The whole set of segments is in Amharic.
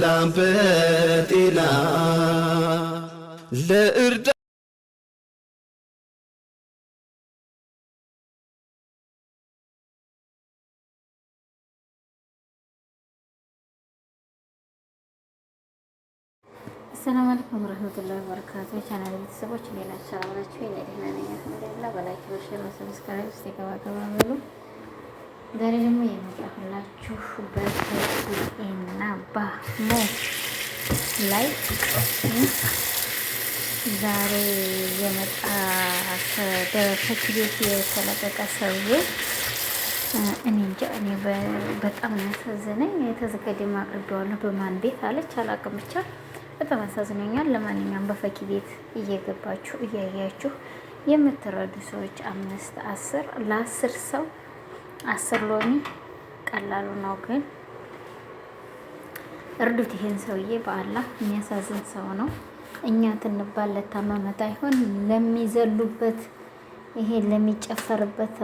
በሰላም በጤና ለእርዳ ሰላም አለይኩም ወራህመቱላሂ ወበረካቱ። ቻናል ቤተሰቦች እንዴት ናችሁ? አብራችሁ እኔ ደህና ነኝ አልሐምዱሊላህ። በላይክ በሼር በሰብስክራይብ ውስጥ የገባ በሉ ዛሬ ደግሞ የመጣሁላችሁ ባህሙ ላይ ዛሬ የመጣ በፈኪ ቤት የተለቀቀ ሰውዬ እኔ እንጃ፣ እኔ በጣም አቅርቤዋለሁ። በማን ቤት አለች አላውቅም፣ ብቻ በጣም ለማንኛውም በፈኪ ቤት እየገባችሁ እያያችሁ የምትረዱ ሰዎች አምስት አስር ለአስር ሰው አስር ሎሚ ቀላሉ ነው። ግን እርዱት ይሄን ሰውዬ በአላህ የሚያሳዝን ሰው ነው። እኛ ትንባል ለታመመት አይሆን ለሚዘሉበት ይሄ ለሚጨፈርበት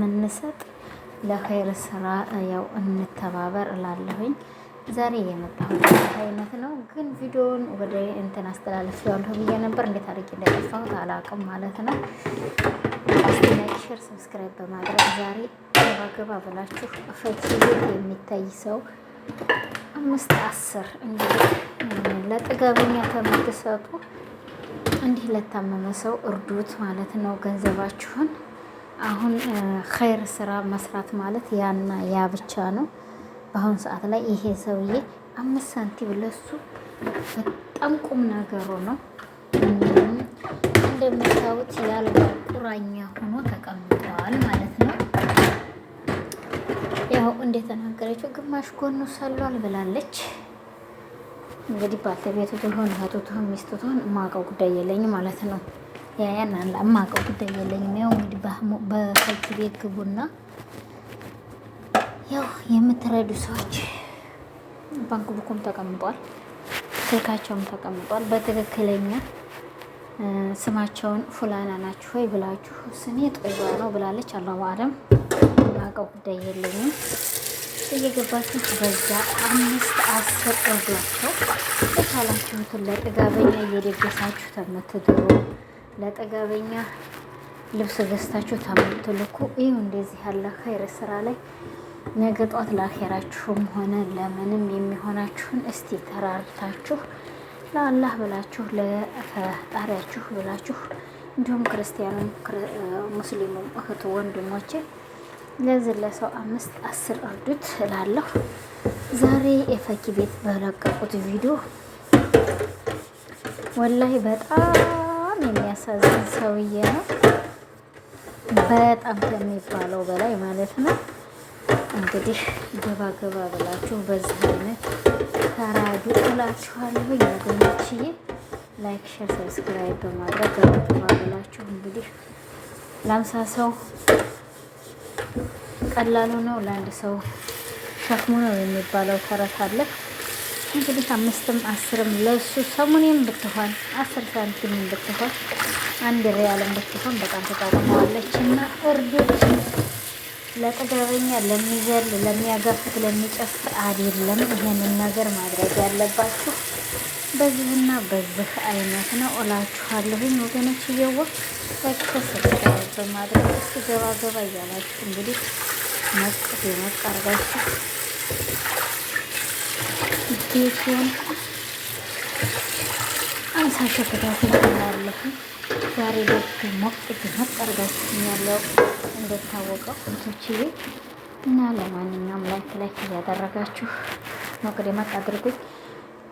ምንሰጥ ለኸይር ስራ ያው እንተባበር እላለሁኝ። ዛሬ የመጣሁት አይነት ነው ግን ቪዲዮውን ወደ እንትን አስተላለፍለዋለሁ ብዬ ነበር። እንዴት አድርጌ እንደጠፋሁት አላውቅም ማለት ነው። ላይክ፣ ሼር፣ ሰብስክራይብ በማድረግ ዛሬ ገባ ብላችሁ ፈትሉ። የሚታይ ሰው አምስት አስር እንግዲህ ለጥጋበኛ ከምትሰጡ እንዲህ ለታመመ ሰው እርዱት ማለት ነው ገንዘባችሁን። አሁን ኸይር ስራ መስራት ማለት ያና ያ ብቻ ነው። በአሁኑ ሰዓት ላይ ይሄ ሰውዬ አምስት ሳንቲም ለሱ በጣም ቁም ነገሩ ነው። እንደምታዩት ያልባ ቁራኛ ሆኖ ተቀምጠዋል ማለት ነው። ያው እንደተናገረችው ግማሽ ጎኑ ሰሏል ብላለች። እንግዲህ ባለቤቱ ትሆን እህቱ ትሆን ሚስቱ ትሆን የማውቀው ጉዳይ የለኝ ማለት ነው። ያያን አለ የማውቀው ጉዳይ የለኝም። ያው እንግዲህ በፈጅ ቤት ግቡና ያው የምትረዱ ሰዎች ባንክ ቡኩም ተቀምጧል፣ ስልካቸውም ተቀምጧል። በትክክለኛ ስማቸውን ፉላና ናችሁ ወይ ብላችሁ ስሜ ጦይባ ነው ብላለች። አላሁ አለም የማውቀው ጉዳይ የለኝም። እየገባችሁ በዛ አምስት አስር እርዷቸው የቻላችሁትን ለጥጋበኛ እየደገሳችሁ ተምትድሩ፣ ለጥጋበኛ ልብስ ገዝታችሁ ተምትልኩ። ይህ እንደዚህ ያለ ኸይር ስራ ላይ ነገ ጧት ለአኼራችሁም ሆነ ለምንም የሚሆናችሁን እስቲ ተራርታችሁ ለአላህ ብላችሁ ለፈጣሪያችሁ ብላችሁ እንዲሁም ክርስቲያኑም ሙስሊሙም እህቱ ወንድሞቼ ለዚህ ለሰው አምስት አስር እርዱት እላለሁ። ዛሬ የፈኪ ቤት በለቀቁት ቪዲዮ ወላይ በጣም የሚያሳዝን ሰውዬ ነው። በጣም ከሚባለው በላይ ማለት ነው። እንግዲህ ገባ ገባ ብላችሁ በዚህ አይነት ተራዱ እላችኋለሁ ወገኖችዬ። ላይክ፣ ሸር፣ ሰብስክራይብ በማድረግ ገባ ገባ ብላችሁ እንግዲህ ለአምሳ ሰው ቀላሉ ነው ለአንድ ሰው ሸክሙ ነው የሚባለው ተረት አለ። እንግዲህ አምስትም አስርም ለሱ ሰሙኔም ብትሆን አስር ሳንቲም ብትሆን አንድ ሪያልም ብትሆን በጣም ተጠቅመዋለች እና እርዶች ለጠገበኛ ለሚዘል ለሚያጋፍት ለሚጨፍ አይደለም ይህንን ነገር ማድረግ ያለባችሁ። በዚህና በዚህ አይነት ነው እላችኋለሁኝ ወገኖች። እየዋ በማድረግ ገባ ገባ እያላችሁ እንግዲህ ሞቅ ሞቅ አድርጋችሁ ቤቱን አንሳቸው ከታትን ላለሁ ዛሬ ቤቱ ሞቅ ሞቅ አድርጋችሁ ያለው እንደታወቀው እንቶችዬ እና ለማንኛውም ላይክ ላይክ እያደረጋችሁ ሞቅ ደመቅ አድርጉኝ።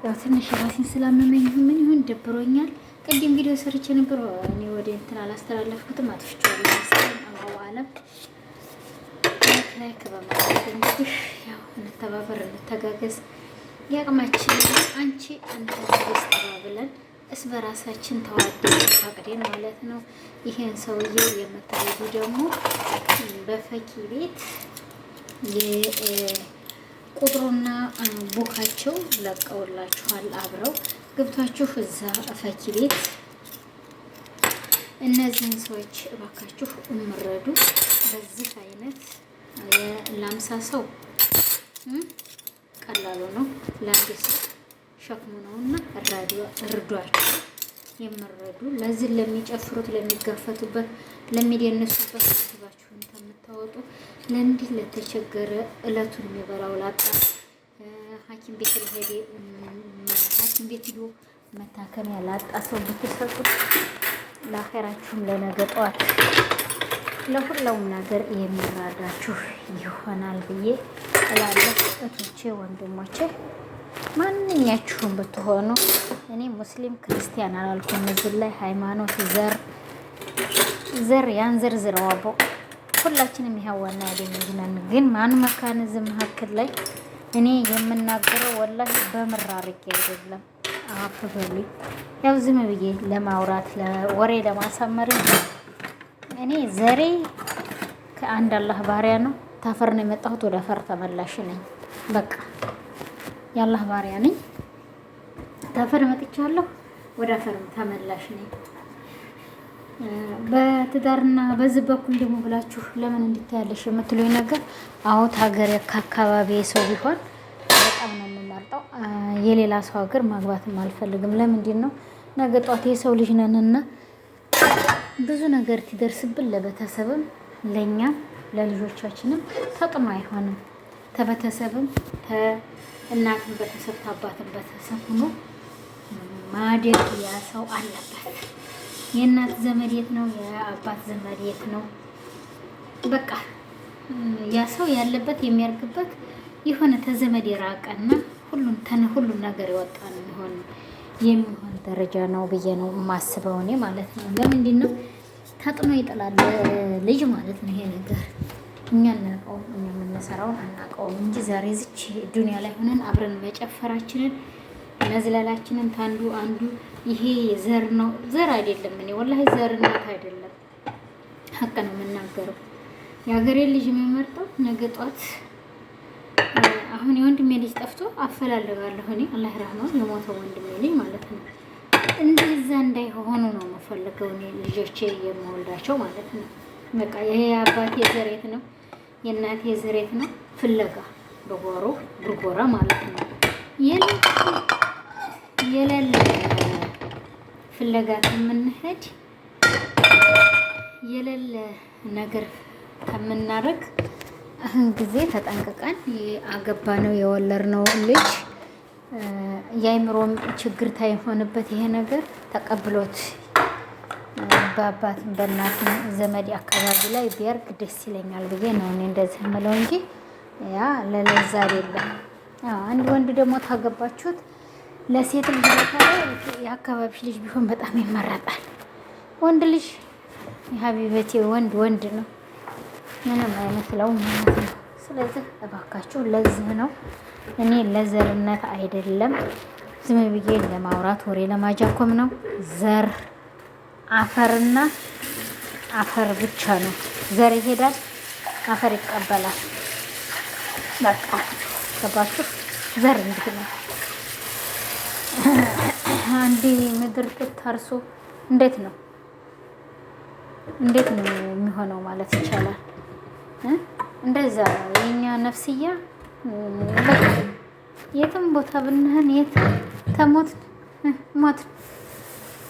ያው ትንሽ ራሴን ስላመመኝ ምን ይሁን ደብሮኛል። ቅድም ቪዲዮ ሰርቼ ነበር እኔ ወደ እንትን አላስተላለፍኩትም አጥፍቼ አለም ላይክ በማለት እንግዲህ ያው እንተባበር፣ እንተጋገዝ የአቅማችን አንቺ አንተ ተባብለን እስ በራሳችን ተዋደን ተፋቅደን ማለት ነው። ይሄን ሰውዬ የምታዩ ደግሞ በፈኪ ቤት ቁጥሩና ቡካቸው ለቀውላችኋል። አብረው ገብታችሁ እዛ ፈኪ ቤት እነዚህን ሰዎች እባካችሁ እምረዱ በዚህ አይነት ለአምሳ ሰው ቀላሉ ነው፣ ለአንድ ሰው ሸክሙ ነው እና እርዷቸው። የምረዱ ለዚህ ለሚጨፍሩት፣ ለሚጋፈቱበት፣ ለሚደንሱበት ህዝባችሁን ከምታወጡ ለእንዲህ ለተቸገረ እለቱን የሚበላው ላጣ ሐኪም ቤት ለሄደ ሐኪም ቤት ሂዶ መታከሚያ ላጣ ሰው ብትሰጡ ለአኼራችሁም ለነገ ጠዋት ለሁሉም ነገር የሚራዳችሁ ይሆናል ብዬ እላለሁ። እህቶቼ፣ ወንድሞቼ ማንኛችሁም ብትሆኑ እኔ ሙስሊም ክርስቲያን አላልኩም። እዚህ ላይ ሃይማኖት፣ ዘር ዘር ያን ዘር ዝረዋቦ ሁላችንም ይሄዋና ያገኝናል። ግን ማን መካን እዚህ መካከል ላይ እኔ የምናገረው ወላሂ በምር አድርጌ አይደለም። አፍ ያው ዝም ብዬ ለማውራት ወሬ ለማሳመርን እኔ ዘሬ ከአንድ አላህ ባሪያ ነው። ታፈር ነው የመጣሁት፣ ወደ አፈር ተመላሽ ነኝ። በቃ የአላህ ባሪያ ነኝ። ታፈር መጥቻለሁ፣ ወደ አፈር ተመላሽ ነኝ። በትዳርና በዚህ በኩል ደግሞ ብላችሁ ለምን እንድታያለሽ የምትሉኝ ነገር አሁት ሀገር ከአካባቢ ሰው ቢሆን በጣም ነው የምመርጠው። የሌላ ሰው ሀገር ማግባትም አልፈልግም። ለምንድን ነው ነገ ጧት የሰው ልጅ ነንና ብዙ ነገር ትደርስብን ለቤተሰብም ለእኛም ለልጆቻችንም ተጥኖ አይሆንም። ተቤተሰብም እናትን ቤተሰብ ታባትን ቤተሰብ ሆኖ ማደግ ያ ሰው አለበት። የእናት ዘመድ የት ነው? የአባት ዘመድ የት ነው? በቃ ያ ሰው ያለበት የሚያርግበት የሆነ ተዘመድ የራቀና ሁሉም ሁሉም ነገር የወጣ ነው የሚሆነው። የሚሆን ደረጃ ነው ብዬ ነው የማስበው እኔ ማለት ነው። ለምንድን ነው ተጥኖ ይጥላል ልጅ ማለት ነው። ይሄ ነገር እኛ እናቀው እኛ የምንሰራውን አናቀውም እንጂ ዛሬ ዝች ዱኒያ ላይ ሆነን አብረን መጨፈራችንን መዝለላችንን ታንዱ አንዱ ይሄ ዘር ነው። ዘር አይደለም። እኔ ወላሂ ዘርነት አይደለም፣ ሀቅ ነው የምናገረው። የሀገሬን ልጅ የሚመርጠው ነገ ጧት አሁን የወንድሜ ልጅ ጠፍቶ አፈላልጋለሁ እኔ አላህ ረህማው የሞተው ወንድሜ ልጅ ማለት ነው። እንደዛ እንዳይሆኑ ነው የምፈልገው እኔ ልጆቼ የምወልዳቸው ማለት ነው። በቃ ይሄ አባቴ ዘሬት ነው የእናቴ ዘሬት ነው ፍለጋ በጓሮ ብርጎራ ማለት ነው የለለ ፍለጋ ከምንሄድ የሌለ ነገር ከምናደርግ ጊዜ ተጠንቅቀን አገባ ነው የወለር ነው ልጅ የአይምሮም ችግር ታይሆንበት ይሄ ነገር ተቀብሎት በአባትም በእናትም ዘመድ አካባቢ ላይ ቢያርግ ደስ ይለኛል ብዬ ነው እኔ እንደዚህ የምለው እንጂ ያ ለለዛ አይደለም። አንድ ወንድ ደግሞ ታገባችሁት ለሴት ልጅ ቦታ ላይ ልጅ ቢሆን በጣም ይመረጣል። ወንድ ልጅ የሀቢበቴ ወንድ ወንድ ነው። ምንም አይመስለውም ማለት ነው። ስለዚህ እባካችሁ ለዚህ ነው እኔ ለዘርነት አይደለም ዝም ብዬ ለማውራት ወሬ ለማጃኮም ነው። ዘር አፈርና አፈር ብቻ ነው። ዘር ይሄዳል፣ አፈር ይቀበላል። በቃ ገባችሁ? ዘር እንዲህ ነው። አንድ ምድር ታርሶ እንዴት ነው እንዴት ነው የሚሆነው ማለት ይቻላል። እንደዛ የኛ ነፍስያ የትም ቦታ ብንህን የት ተሞት ሞት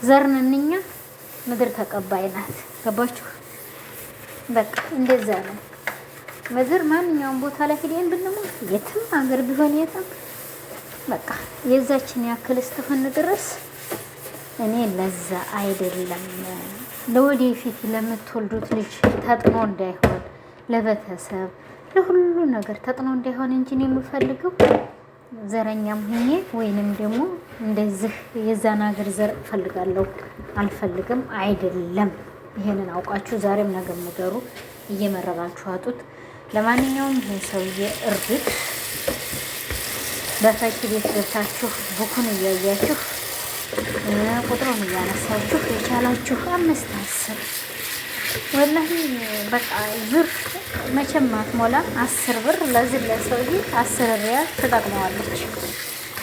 ዘርንንኛ ምድር ተቀባይ ናት። ገባችሁ? በቃ እንደዛ ነው። ምድር ማንኛውም ቦታ ላይ ሄደን ብንሞት የትም ሀገር ቢሆን የትም በቃ የዛችን ያክል እስትሆን ድረስ እኔ ለዛ አይደለም ለወደፊት ለምትወልዱት ልጅ ተጥኖ እንዳይሆን ለቤተሰብ ለሁሉ ነገር ተጥኖ እንዳይሆን እንጂ ነው የምፈልገው ዘረኛም ሆኜ ወይንም ደግሞ እንደዚህ የዛን ሀገር ዘር እፈልጋለሁ አልፈልግም አይደለም። ይሄንን አውቃችሁ ዛሬም ነገር ነገሩ እየመረራችሁ አጡት። ለማንኛውም ይህን ሰውዬ እርዱት። በፈኪ ቤት ገብታችሁ ቡኩን እያያችሁ ቁጥሩን እያነሳችሁ የቻላችሁ አምስት አስር ወላሂ በቃ ብር መቼም አትሞላ። አስር ብር ለዚህ ለሰውዬ አስር ሪያል ትጠቅመዋለች።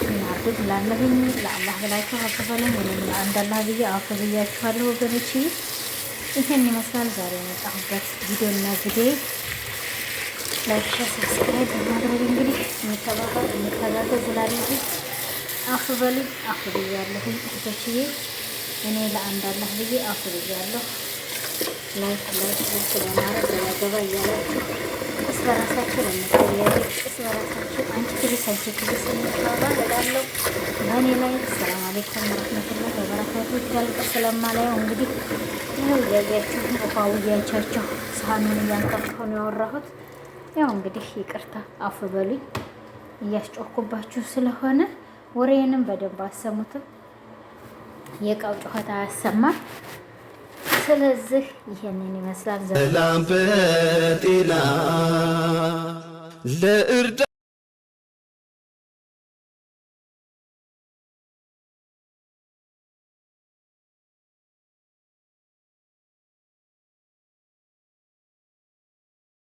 እናርዱት ላለሁኝ ለአላህ ብላችሁ አፍበለኝ ወይም አንዳላህ ብዬ አፍ ብያችኋለሁ ወገኖች። ይህን ይመስላል ዛሬ የመጣሁበት ቪዲዮ እና ላይክ፣ ሰብስክራይብ በማድረግ እንግዲህ እንተባበር እንተጋገዝ እላለሁ። አፍ በሉኝ አፍ ብያለሁኝ እህቶችዬ፣ እኔ ለአንዳላህ ብዬ አፍ ብያለሁ። ላይክ ላይክ ላይክ ለማድረግ ገባገባ እያላችሁ እስ በራሳችሁ ለምትለያዩ እስ በራሳችሁ አንቺ ትልስ አንቺ ትልስ የሚባባል እላለሁ በእኔ ላይ ሰላም አሌይኩም ረህመቱላሂ ወበረካቱ ዳልቀ ስለማላየው እንግዲህ ይኸው እያያችሁ ውሃ ውያቻቸው ሳህኑን እያንጠፋሁ ነው ያወራሁት። ያው እንግዲህ ይቅርታ አፍ በሉኝ እያስጮኩባችሁ ስለሆነ ወሬንም በደንብ አሰሙትም የእቃው ጩኸት አያሰማም። ስለዚህ ይህንን ይመስላል።